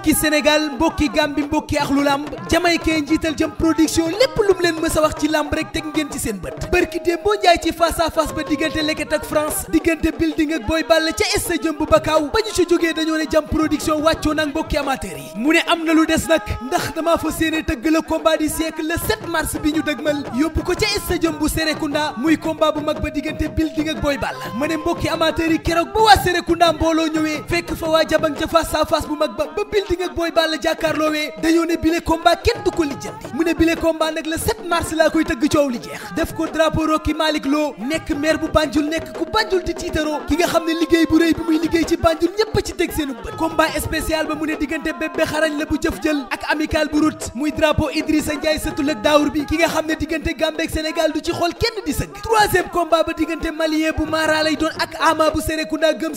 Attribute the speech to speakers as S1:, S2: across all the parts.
S1: mbokki Sénégal mbokki Gambie mbokki axlu lamb jamaykee njiital jëm production lépp lu mu leen mës a wax ci lamb rek teg ngeen ci seen bët bërki dee boo jaay ci face à face ba diggante leket ak France diggante building ak booy bàll ca stadium bu Bakaaw ba ñu ci jógee dañoo ne jam production wàccoo nag mbokki amateur yi mu ne am na lu des nag ndax damaa fa séene tëgg la combat du siècle le 7 mars bi ñu dëgmal yóbbu ko ca stadium bu Serekunda muy combat bu mag ba diggante building ak booy bàll ma ne mbokki amateur yi keroog ba waa Serekunda mbooloo ñëwee fekk fa waa jabang ca face à face ba ba building kenn du ko lijjanti mu ne bile combat nag le mars laa koy tëgg coow li jeex ko drapeau Rocky Malick Lo nekk maire bu Banjul nekk ku Banjul di tiitaroo ki nga xam ne liggéey bu rëy bi muy liggéey ci Banjul ñépp ci teg seenu bët combat spécial ba mu ne diggante bébé xarañ la bu jëf jël ak amical bu rut muy drapeau Idrissa Ndiaye sëtul ak daawur bi ki nga xam ne diggante Gambie Sénégal du ci xool kenn di sëgg troisième combat ba diggante malien bu Mara lay doon ak Ama bu Serekunda gëm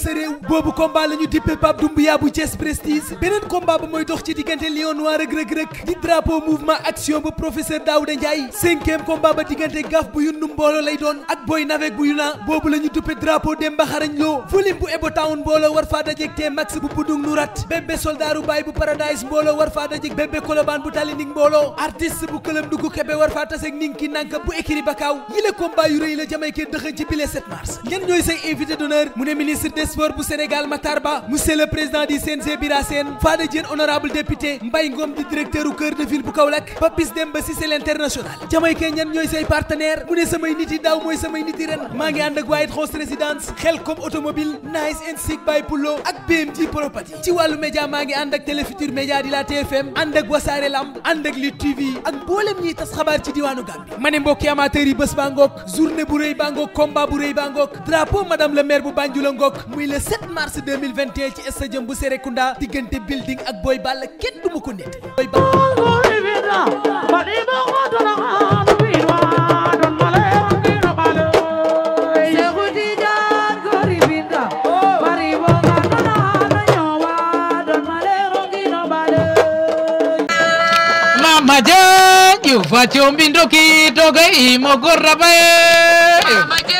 S1: bu Thiès Prestige beneen combat ba mooy dox ci diggante Lion drapeau mouvement action bu professeur Daouda Ndiaye cinquième combat ba diggante gaf bu yundu mbooloo lay doon ak boy navek bu yuna boobu la ñu duppe drapeau Demba Xarañ Lo volim bu Ebo Town mbooloo war faa dajeg tee max bu budung nurat bébé soldaaru baay bu paradise mbooloo war faa dajeg bébé kolobaan bu tali mbooloo artiste bu këlëm dugg kebe war faa taseg ning ki nanka bu ékiri bakaaw yile combat yu rëy la jamaykee dëxëñ ci bile mars ñen ñooy de ville bu Kaolack Papis Demba Cissé l'international jamaykee ñan ñooy say partenaire mu ne samay nit yi daaw mooy samay nit yi ren maa ngi ànd ak White House Residence Xelcom automobile Nice and Sick by ak BMG Property ci wàllu média maa ngi ànd ak Télé Futur di la TFM ànd ak Wasaare Lamb ànd ak Lutte TV ak mboolem ñiy tas xabaar ci diwaanu Gambie ma ne mbokki amateurs yi bés baa ngoog journée bu rëy baa ngoog combat bu rëy baa ngoog drapeau madame le maire a ngoog muy le 7 mars 2021 ci stade bu Serekunda diggante building ak Mama
S2: Jang, you fat your bindo kito gay mo gorrabe. Mama Jang.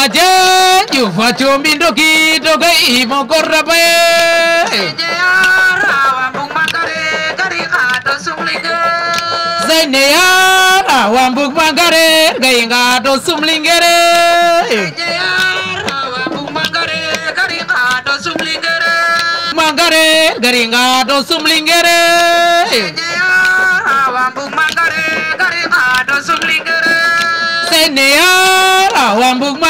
S2: maja jufa chumbi ndoki toka imo korra pa Zaine ya wambuk mangare gai ngato sumlingere Mangare gari ngato sumlingere Zaine ya wambuk mangare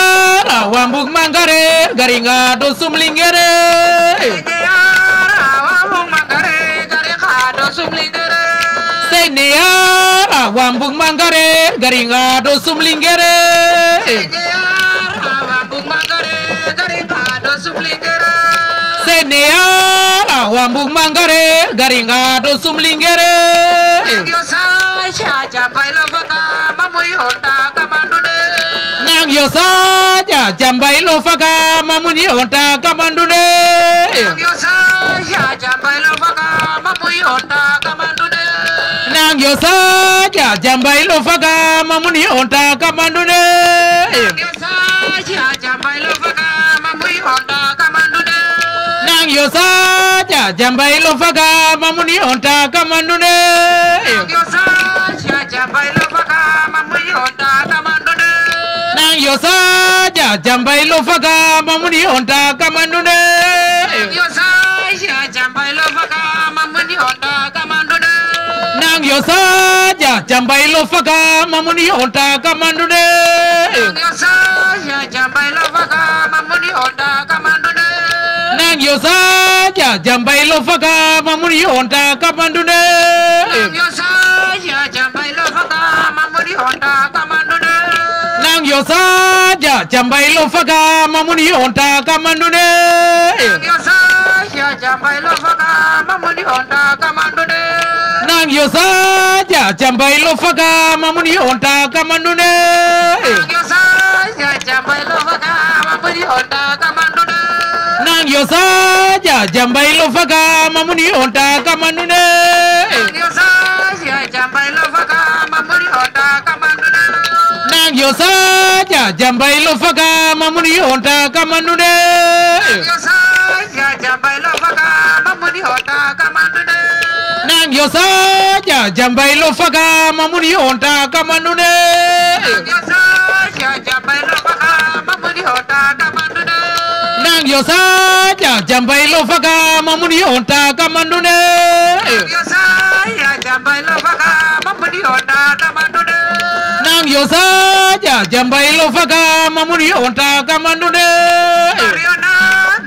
S2: wambuk mangare garinga dosum lingere Seniara wambuk mangare garinga dosum lingere Seniara wambuk mangare garinga dosum lingere Seniara wambuk mangare garinga dosum lingere yo saja jambailo faka mamuni onta kamandude yo saja jambailo faka mamuni onta yo saja jambaylo faga mamuni honda kamandude nang yo saja jambaylo faga mamuni honda kamandude nang yo saja jambaylo faga mamuni honda kamandude nang yo saja jambaylo faga mamuni honda kamandude nang yo saja jambaylo faga mamuni honda kamandude nang yo yo saja jambailo faga mamuni yonta kamandune nang yo saja jambailo faga nang yo saja jambailo faga mamuni yonta kamandune nang yo saja jambailo faga mamuni yonta kamandune nang yo saja jambailo faga mamuni yonta kamandune yo saja jambay lo faga mamun yonta kamanune yo saja jambay lo faga nang yo saja jambay lo faga mamun yonta kamanune yo saja jambay lo faga nang yo saja jambay lo faga mamun yonta kamanune yo saja jambay lo faga nam yo saja jamba ilo faka mamun yo onta kamandude mariona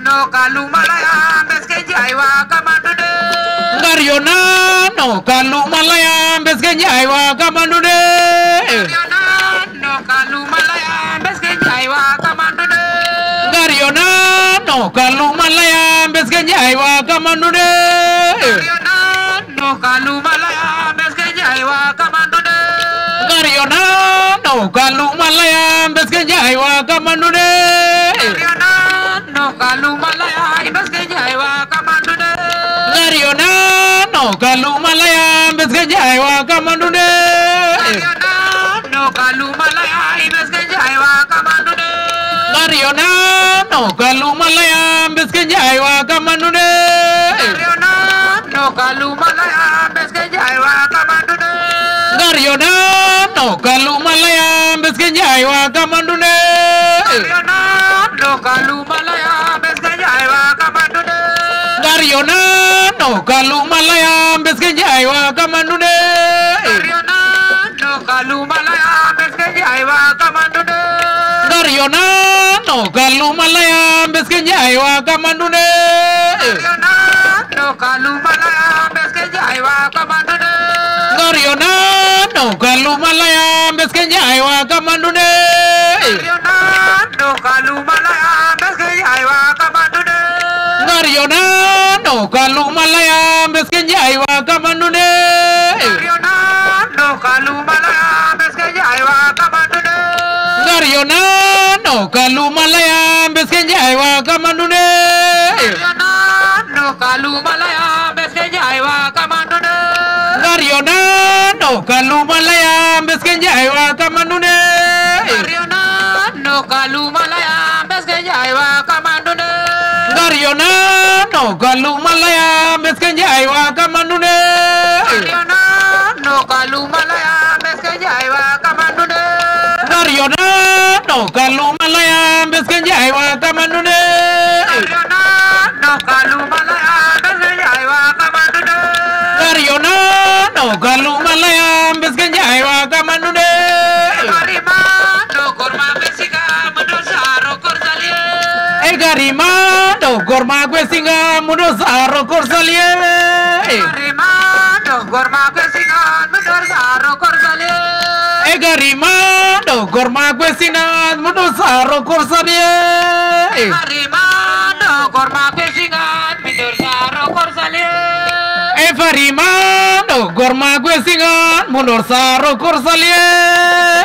S2: no kalumalaya beske jaiwa kamandude mariona no kalumalaya beske jaiwa kamandude mariona no kalumalaya beske jaiwa kamandude mariona no kalumalaya beske jaiwa kamandude kaw kaluma laya mbeske njaay wa kamandu de no kaluma laya mbeske njaay wa kamandu de ngariona no kaluma laya mbeske njaay wa kamandu de no kaluma laya mbeske njaay wa kamandu de ngariona no kaluma laya mbeske njaay wa kamandu de ngariona no kaluma laya yo nando kaluma laya bes ke njaay wa kamandune yo nando kaluma laya bes ke njaay wa kamandune ngar yo nando kaluma laya bes ke njaay wa kamandune ngar yo nando kaluma laya bes ke njaay wa kamandune ngar yo nando kaluma laya bes ke njaay wa kamandune ngar yo nando kaluma laya bes ke njaay wa kamandune Mario nan dogaluma laya mbeske njaay wa kamandune Mario nan dogaluma laya mbeske njaay wa kamandune Mario nan dogaluma laya mbeske njaay wa kamandune Mario nan dogaluma laya mbeske njaay wa kamandune Mario nan dogaluma laya o kaluma laya mbeske njaay wa kamandune ngariona no kaluma laya mbeske njaay wa kamandune ngariona no kaluma laya mbeske njaay wa kamandune ngariona no kaluma laya mbeske njaay wa kamandune ngariona no kaluma laya mbeske njaay wa kamandune ngariona no kaluma laya na nogalu malaya mbeske njai wa kamanune garima dogorma kwesinga mudozaro korsalie e garima dogorma kwesinga mudozaro korsalie garima dogorma kwesinga mudozaro korsalie e garima dogorma kwesinga mudozaro korsalie garima dogorma kwesinga mudozaro korsalie e farima gorma gwesingan mundur saro korsalie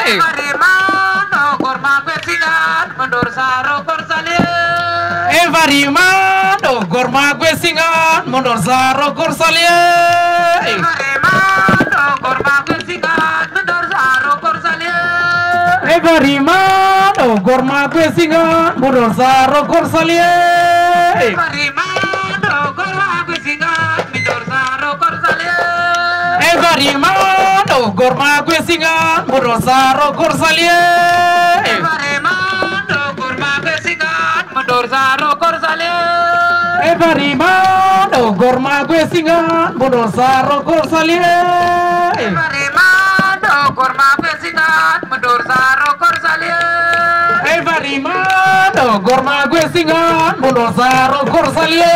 S2: Evarimando gorma gwesingan mundur saro korsalie Evarimando oh, gorma gwesingan mundur saro korsalie Evarimando oh, gorma gwesingan mundur saro korsalie Evarimando oh, gorma gwesingan mundur saro korsalie Evarimando arima ɗo gorma kwesigan mboɗo saro gorsalie e barima ɗo gorma kwesigan mboɗo saro gorsalie e barima ɗo gorma
S3: kwesigan mboɗo saro gorsalie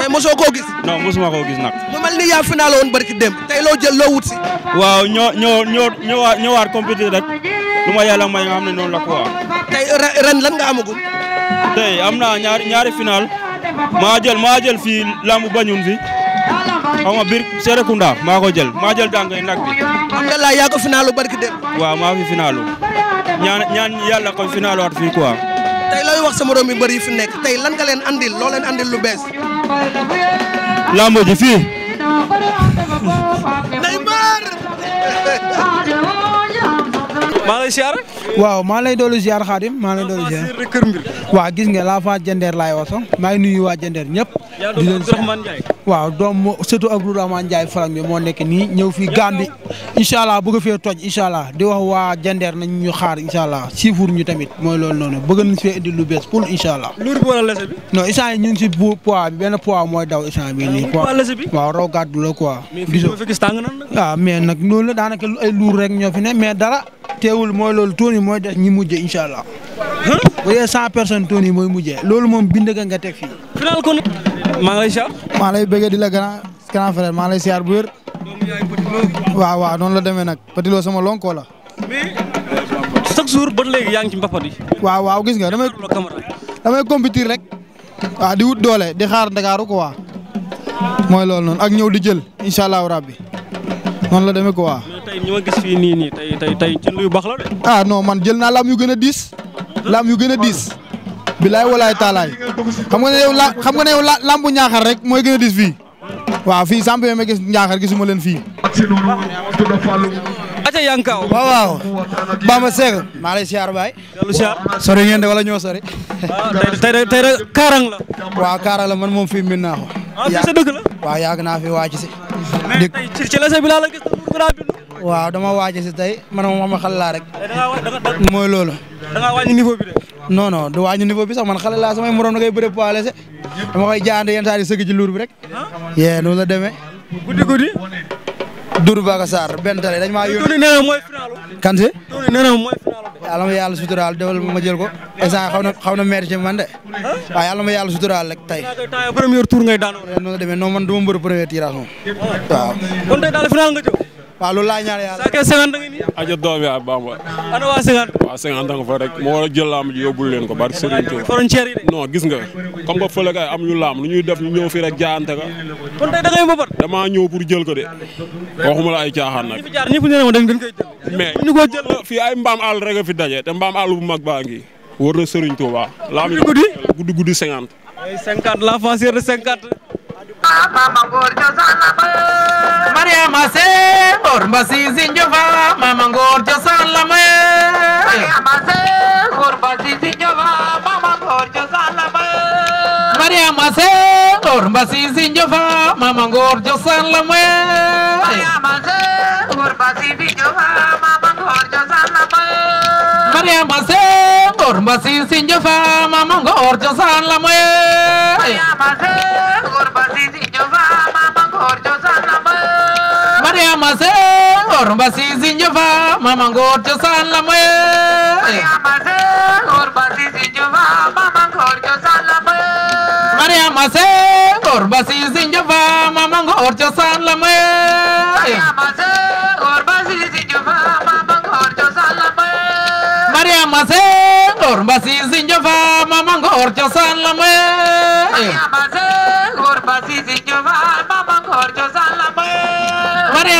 S3: mais mosoo koo gis. non mosuma koo gis nag. mu mel ni yaa final woon barki démb tey loo jël loo wut si. waaw ño ñoo ñoo ñëwaat ñëwaat compétir rek lu ma yàlla may nga xam ne la quoi. tey ren lan nga amagul. tey am na ñaari ñaari final maa jël maa jël fii lamb bañun fi xaw ma biir Serekunda maa ko jël maa jël dànk nag bi. alhamdulilah yaa ko finalu barki démb. waaw maa fi finalu ñaan ñaan yàlla ko finalu waat fii
S1: tey looy wax sama morom yu fi nekk tey lan nga leen andil loo andil lu bees.
S3: lamb ji fii
S1: maa lay
S3: ziar. waaw maa lay doolu ziar Xaadim maa lay doolu ziar waaw gis nga laa faa jëndeer laay waso maa ngi nuyu waa jëndeer ñëpp. di leen si waaw doom surtout Abdourahmane Ndiaye faram bi moo nekk nii ñëw fii Gambie incha allah fee toj incha di wax waa jëndeer nañ ñu xaar incha allah siifuur ñu tamit mooy loolu noonu bëgg nañ fee indi lu bees pour incha allah. luur bi wala lese bi. non instant ñu si poids bi benn poids mooy daw instant bi nii. poids waaw raw gàddu la gisoo waaw ah, mais nag noonu la teewul mooy loolu tuun mooy def ñi mujjee incha allah. bu dee cent yi mooy
S4: mujjee loolu moom bind nga nga teg fii. final kon. maa ngi di la grand grand frère maa lay siyaar bu wér. noonu la demee nag Petit Lo sama lonko la. mais
S3: chaque jour ba léegi yaa ngi ci
S4: gis nga damay. damay rek. waaw di wut doole di xaar Ndakaaru quoi. mooy loolu noon ak ñëw di jël incha allahu rabbi noonu la demee quoi.
S3: tey ñu ma gis fii nii nii tey tey tey
S4: jënd yu baax la de. ah non man jël naa laam yu gën a diis. laam yu gën a diis. bilaay walaay taalaay xam nga ne yow la xam nga ne yow la lambu ñaaxar rek mooy gën a diis fii. waaw fii samp ma gis ñaaxar gisuma leen fii. aca yankaaw waaw waaw
S3: Bamba Seck maa lay siyaar baay dellu siyaar sori ngeen de wala ñoo sori ah, tey de tey de kaarang la waaw kaarang la man moom fii min naa ko ah fii sa dëkk la waaw yàgg naa fi waa ci si mais tey ci la sa bi laa la gis nga bindu. waaw dama waaj si tey man moom xale rek. Eh, mooy loolu. da ngaa wàññi niveau bi de. non bi sax man xale laa samay morom da ngay bëre poids léger dama koy jaante yenn saa yi sëgg ci luur bi rek. Ah? yee noonu la demee. guddi guddi. Doudou Baka Sarr benn tale dañ maa yàlla ma yàlla suturaal defal ma jël ko. instant xaw na xaw na meer ci man de. Ah? waaw yàlla ma yàlla suturaal rek tey. premier tour ngay daan. Eh, no man du ma mbër premier tirage moom. Ah. waaw. nga jëm. waaw loolu laa ñaan yàlla. Sa Thiès 50 nga nii. aja doom yaa ana waa 50. waa 50 nga fa rek moo war a jël laam ji yóbbul leen ko bari Serigne Touba. frontière yi gis nga comme que fële kay am ñu laam lu ñuy def ñu ñëw fii rek jaayante ka. kon tey da ngay mbapat. damaa ñëw pour jël ko de waxuma la ay caaxaan nag. ñi fi jaar ñëpp na ma dañ koy jël. mais ñu ko jël fii ay mbaam àll rek a fi daje te mbaam àll bu mag baa ngi. war na Serigne Touba. laam yi guddi guddi 50. ay la fancière de 50. mama ngor cosaan la may mariama seor mbasisi njofa mama ngor
S2: cosaan la may mariama seor mbasisi njofa mama ngor cosaan la may mariama seor mbasisi njofa mama ngor cosaan la may mariama seor mbasisi njofa mama ngor cosaan la may mariama seor mbasisi njofa mama ngor cosaan la may mariama seor Mariama se or basi sinjufa mama ngor cosaan la moye Mariama se or basi sinjufa mama ngor cosaan la moye Mariama se or basi sinjufa mama ngor cosaan la moye Mariama se or basi sinjufa mama ngor cosaan la moye Mariama se or basi sinjufa mama ngor cosaan la moye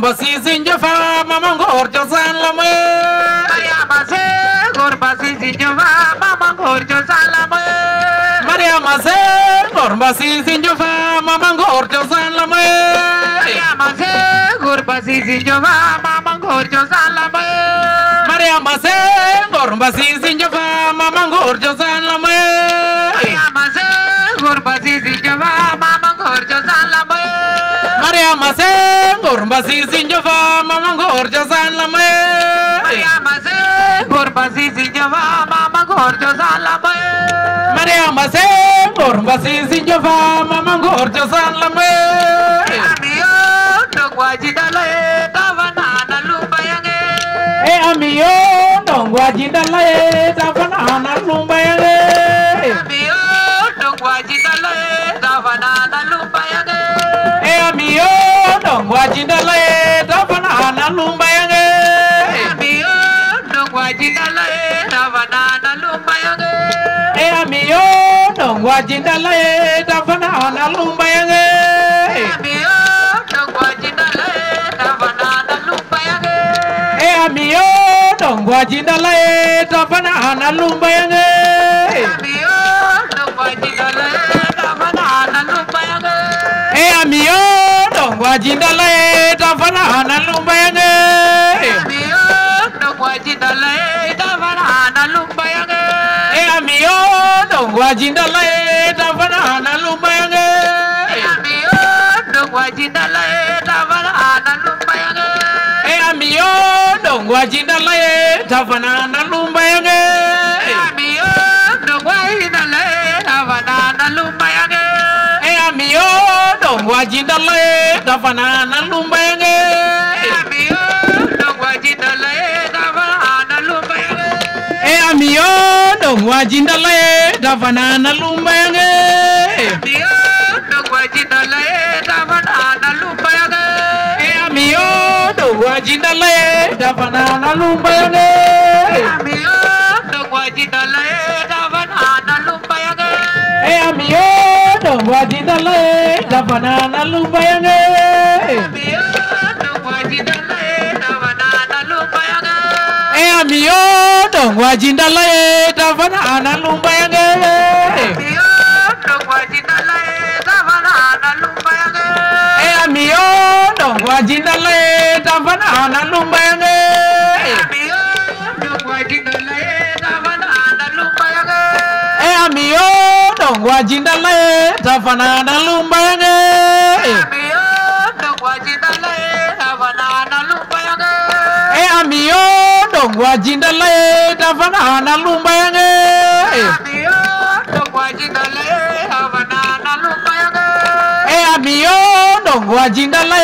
S2: Samba Cissé Ndioufa mama Ngor cosaan la mooy. Mariama Se Ngor Ba Cissé Ndioufa mama Ngor cosaan la mooy. Mariama Se Ngor Ba Cissé Ndioufa mama Ngor cosaan la mooy. Mariama Se Ngor Ba Cissé Ndioufa mama Ngor cosaan la mooy. Mariama Se Ngor Ba Cissé Ndioufa mama Ngor cosaan. Mariama Se Ngor Mbasir si Ndiofa mama Ngor cosaan la maye. Mariama Se Ngor Mbasir si Ndiofa mama Ngor cosaan la maye. Mariama Se Ngor Mbasir si Ndiofa mama Ngor cosaan la maye. Ami yo ndongwa jidala ye tavana na lumba yange. Ami yo ndongwa jidala ye tavana na lumba yange. dong wajina lae davana hana lumba yange amiyo hana lumba yange e amiyo dong wajina lae davana hana lumba hana lumba yange e amiyo dong wajina lae davana hana lumba yange e wajidalay ta fanaanal lumbayange amiyo dong wajidalay ta fanaanal lumbayange e eh, amiyo dong wajidalay ta fanaanal lumbayange e eh, amiyo dong wajidalay ta fanaanal lumbayange e eh, amiyo dong wajidalay ta fanaanal waji dalaye dafa na na lumbenga amiyo dog waji dalaye dafa na lumbenga e eh, amiyo dog waji dalaye dafa na na lumbenga amiyo dog waji dalaye dafa na na lumbenga e eh, amiyo dog waji dalaye dafa na na lumbenga amiyo dog waji dalaye waajidala ye labananalu bayange. Eh, Ami yoo dong waajidala ye labananalu bayange. Eh, Ami yoo dong waajidala ye labananalu bayange. Eh, Ami yoo dong waajidala ye labananalu bayange. Ami yoo dong waajidala ye labananalu bayange. Ami yoo. gwajindala e tafanana lumbayanga e amiyo dongwajindala e tafanana lumbayanga e amiyo dongwajindala e tafanana lumbayanga e amiyo dongwajindala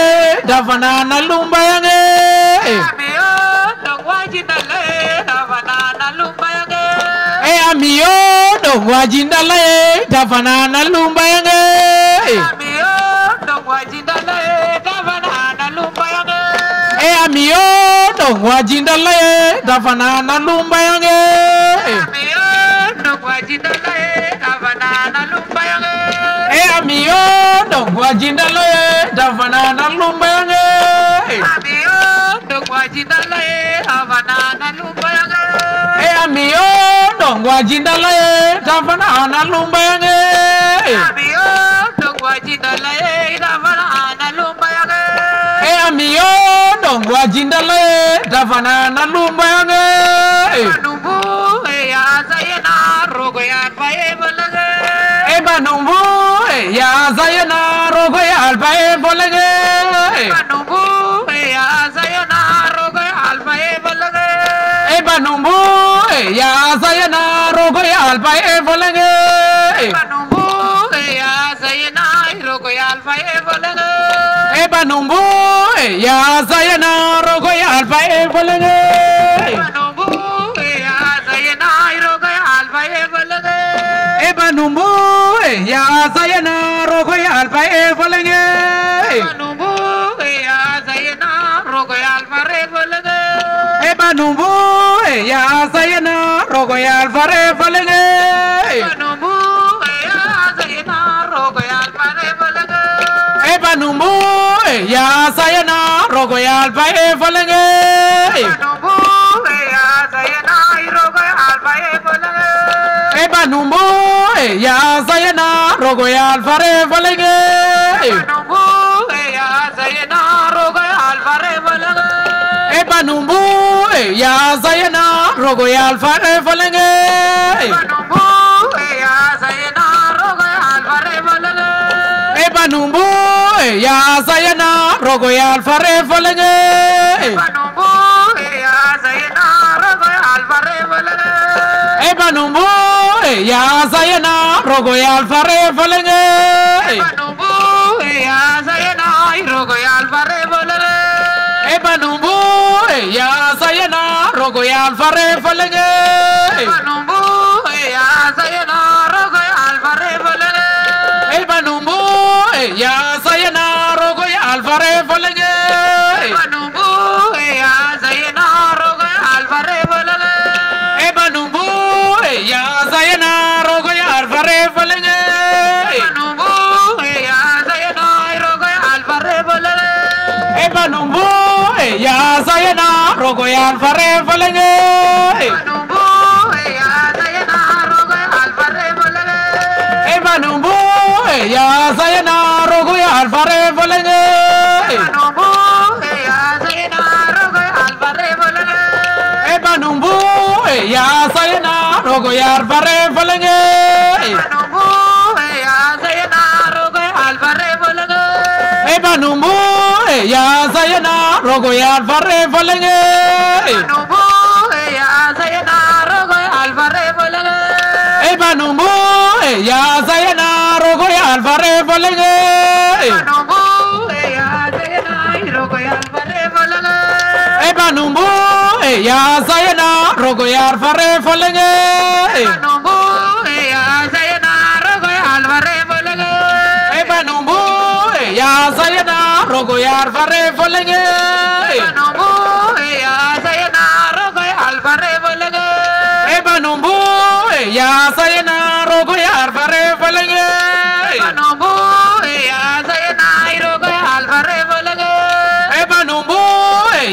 S2: e amiyo ɗogwa jindalaye tafanana lumbayage e amiyo ɗogwa jindalaye tafanana lumbayage e amiyo ɗogwa jindalaye tafanana lumbayage amiyo ɗogwa jindalaye tafanana lumbayage e amiyo Ndongo ajindala ye tafana ana lumba yange Amiyo ndongo ajindala ye tafana ana lumba yange Eh amiyo ndongo ajindala ye tafana ana lumba yange Banumbu ya zayena rogo ya baye bolage Eh banumbu ya zayena rogo ya baye bolage Banumbu ya sayana rogoyal fay e folenge banumbu ya e ya sayana rogoyal fay e folenge banumbu ya e ya sayana rogoyal fay e folenge banumbu ya ya sayna rogo yal fare falenge banumbu ya sayna rogo yal fare falenge e banumbu ya sayna rogo yal fare falenge banumbu ya sayna rogo yal fare falenge e banumbu ya sayna rogo yal fare falenge banumbu ya sayna banumbu eh, ya zayena rogo ya alfare eh, falenge banumbu eh, ya zayena rogo ya alfare falenge e banumbu ya zayena rogo ya alfare falenge banumbu ya zayena rogo ya alfare falenge e banumbu ya zayena rogo ya alfare falenge banumbu ya zayena rogo ya alfare falenge e banumbu ya sayena rogo ya alfare falenge banumbu ya sayena rogo ya alfare falenge el banumbu ya sayena rogo ya alfare falenge banumbu ya sayena rogo ya alfare falenge e banumbu ya sayena rogo ya alfare falenge banumbu ya sayena rogo ya alfare falenge e banumbu ya sayena rogo yan fare falenge manumbu ya sayena rogo yan fare falenge e manumbu ya sayena rogo yan fare falenge manumbu ya sayena rogo yan fare falenge e manumbu ya sayena rogo yan fare falenge manumbu ya sayena rogo yan fare falenge e manumbu ya rogoy alfarre folenge banumbu ya sayena rogoy alfarre folenge e banumbu ya sayena rogoy alfarre folenge banumbu ya sayena rogoy alfarre folenge e banumbu ya sayena rogoy alfarre folenge e banumbu ya sayena rogoy alfarre folenge e banumbu ya yaar fare folenge ebanumbu ya sayena rogo yaar fare folenge ebanumbu ya sayena rogo yaar fare folenge ebanumbu ya sayena rogo yaar fare folenge ebanumbu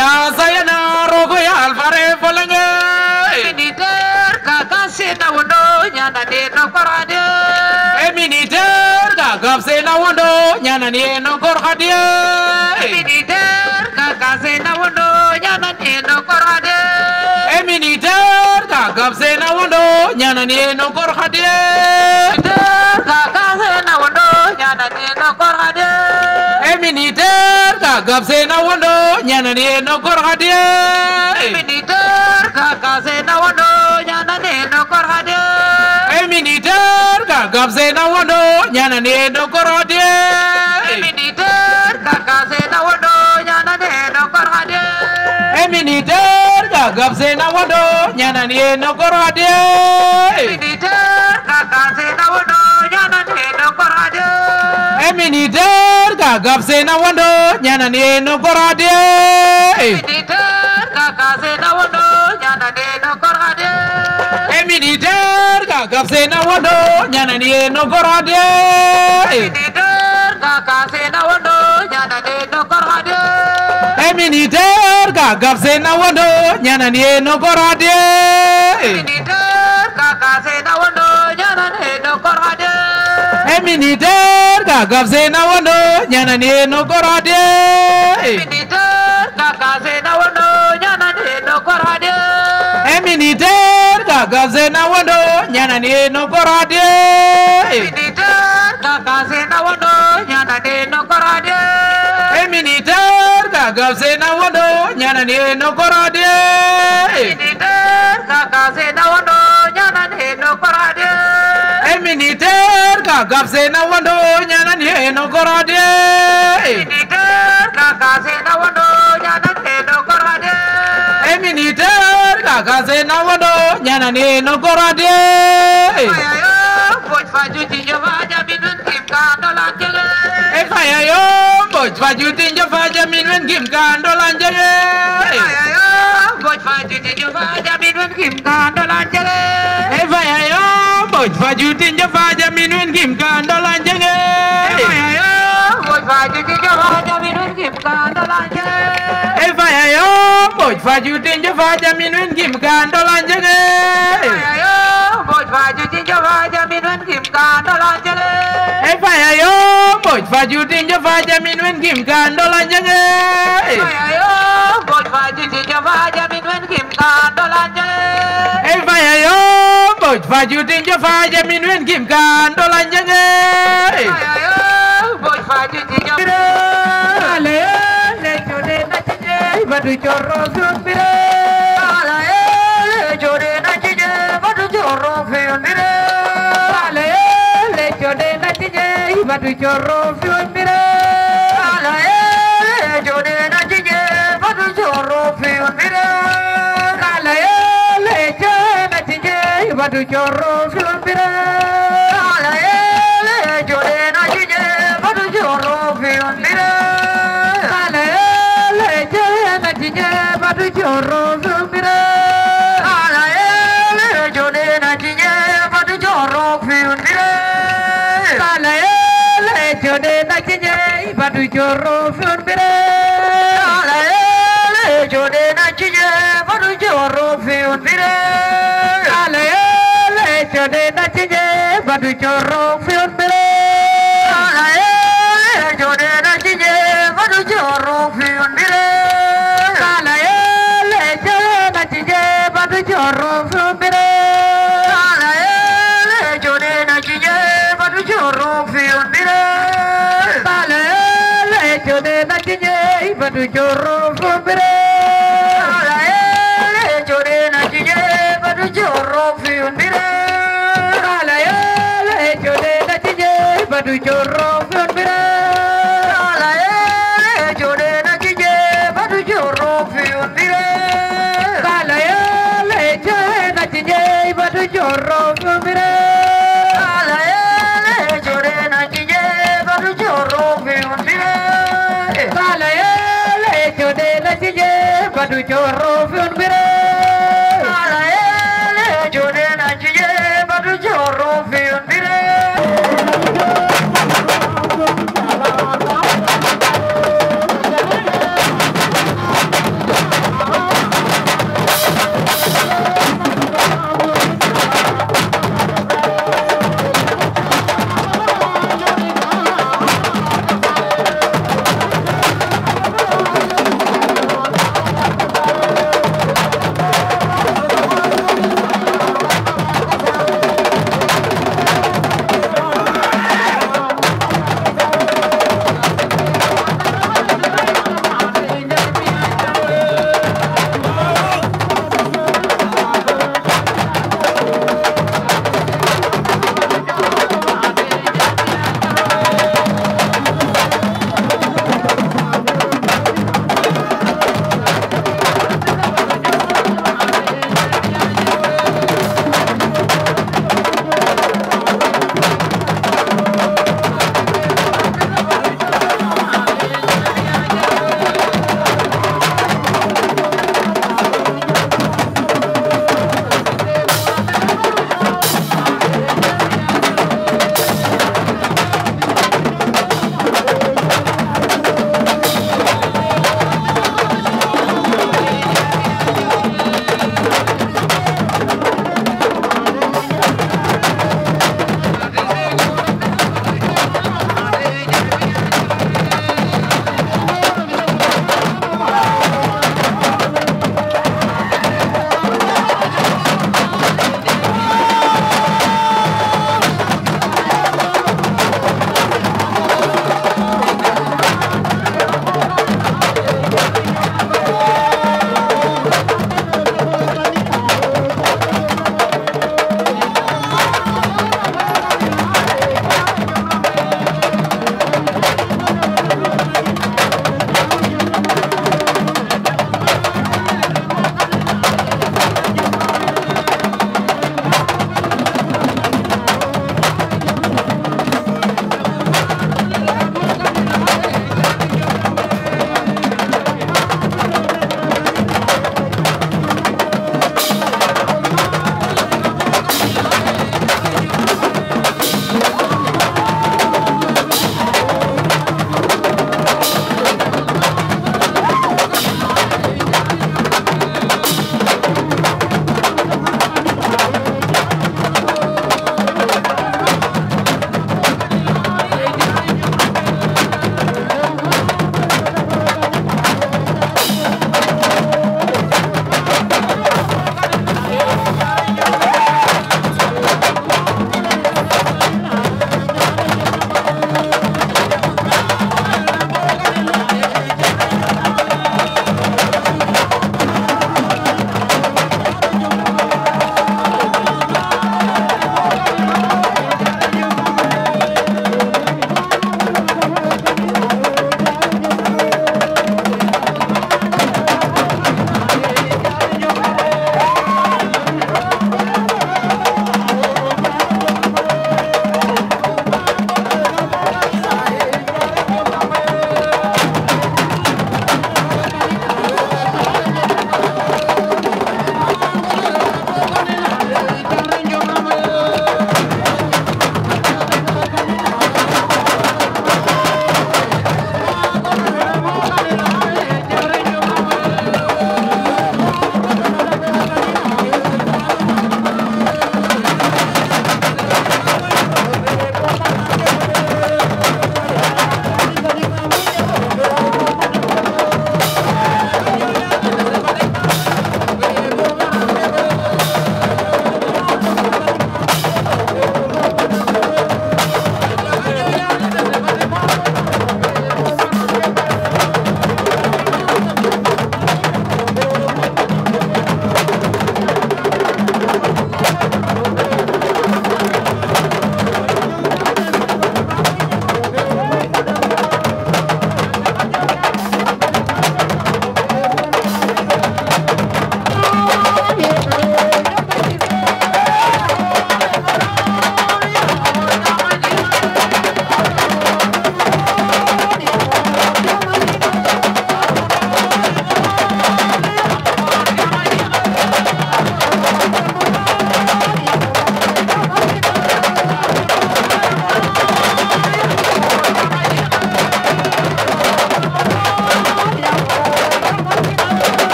S2: ya sayena rogo yaar fare folenge minister kakasina wondo nyana de no parade Kagam sena wondo nyanan ye nongkor hadia Eminiter eh, kagam sena wondo nyanan ye nongkor hadia Eminiter eh, kagam sena wondo nyanan ye nongkor hadia Eminiter kagam sena wondo nyanan ye nongkor hadia Eminiter eh, kagam sena wondo nyanan ye nongkor hadia Eminiter kagam sena Dakar sena wodo nyana ne do korode Eminiter Dakar sena wodo nyana ne do korode Eminiter Dakar sena wodo nyana ne do korode Eminiter Dakar sena wodo nyana ne do korode Eminiter Dakar sena wodo nyana ne do korode Eminiter Dakar sena wodo e militaire ga gabse na wodo ñanani e no gorode militaire ga gabse na wodo ñanani e no gorode e militaire ga gabse na wodo ñanani e no gorode militaire ga gabse na wodo ñanani e no gorode e militaire ga gabse na wodo ñanani e no gorode militaire ga gabse na wodo ñanani e no gorode e militaire Kakaze na wando nyana ni no korade Minite kakaze na wando nyana ni no korade Minite kakaze na wando nyana ni no korade Minite kakaze na wando nyana ni no korade Minite kakaze na wando nyana ni no korade Minite kakaze na wando kase na wodo nyana ni no korade boj fajuti jovaja minwen kim kandola jege e faya yo boj fajuti jovaja minwen kim kandola jege e faya yo boj fajuti jovaja minwen kim kandola jege e faya yo boj fajuti jovaja minwen kim kandola jege e faya yo boj fajuti jovaja minwen kim kandola jege Boj faju tinjo faja min wen gim kan dolan jege Boj faju tinjo faja min wen gim kan dolan jege Hey faya yo Boj faju tinjo faja min wen gim kan dolan jege Faya yo Boj faju tinjo faja min wen gim kan dolan jege Hey faya yo Boj faju tinjo faja min wen gim kan dolan jege Faya yo Boj faju tinjo batu jorro zumbire ala ele jode na tije ala ele jode na tije batu jorro fiundire ala ele jode na tije jorro fimbire ala ele jode na chije manu jorro fimbire ala ele jode na chije manu jorro fimbire jor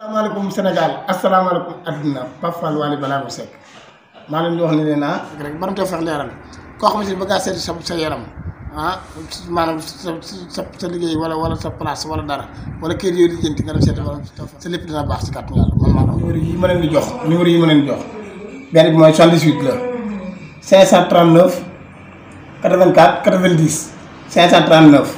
S4: asalaamaaleykum Sénégal asalaamaaleykum adduna Pape Fall Waly Ballago Seck maa leen di wax ne leen ah rek mën nga fex leeral koo xam ne ba ngaa seeti sa sa yaram ah maa sa sa sa liggéey wala wala sa place wala dara wala kër yooyu lijjanti nga dem seeti wala sa lépp dina baax si kàttan yàlla man maa numéro yi ma leen di jox numéro ma leen di jox benn mooy 78 la 539 84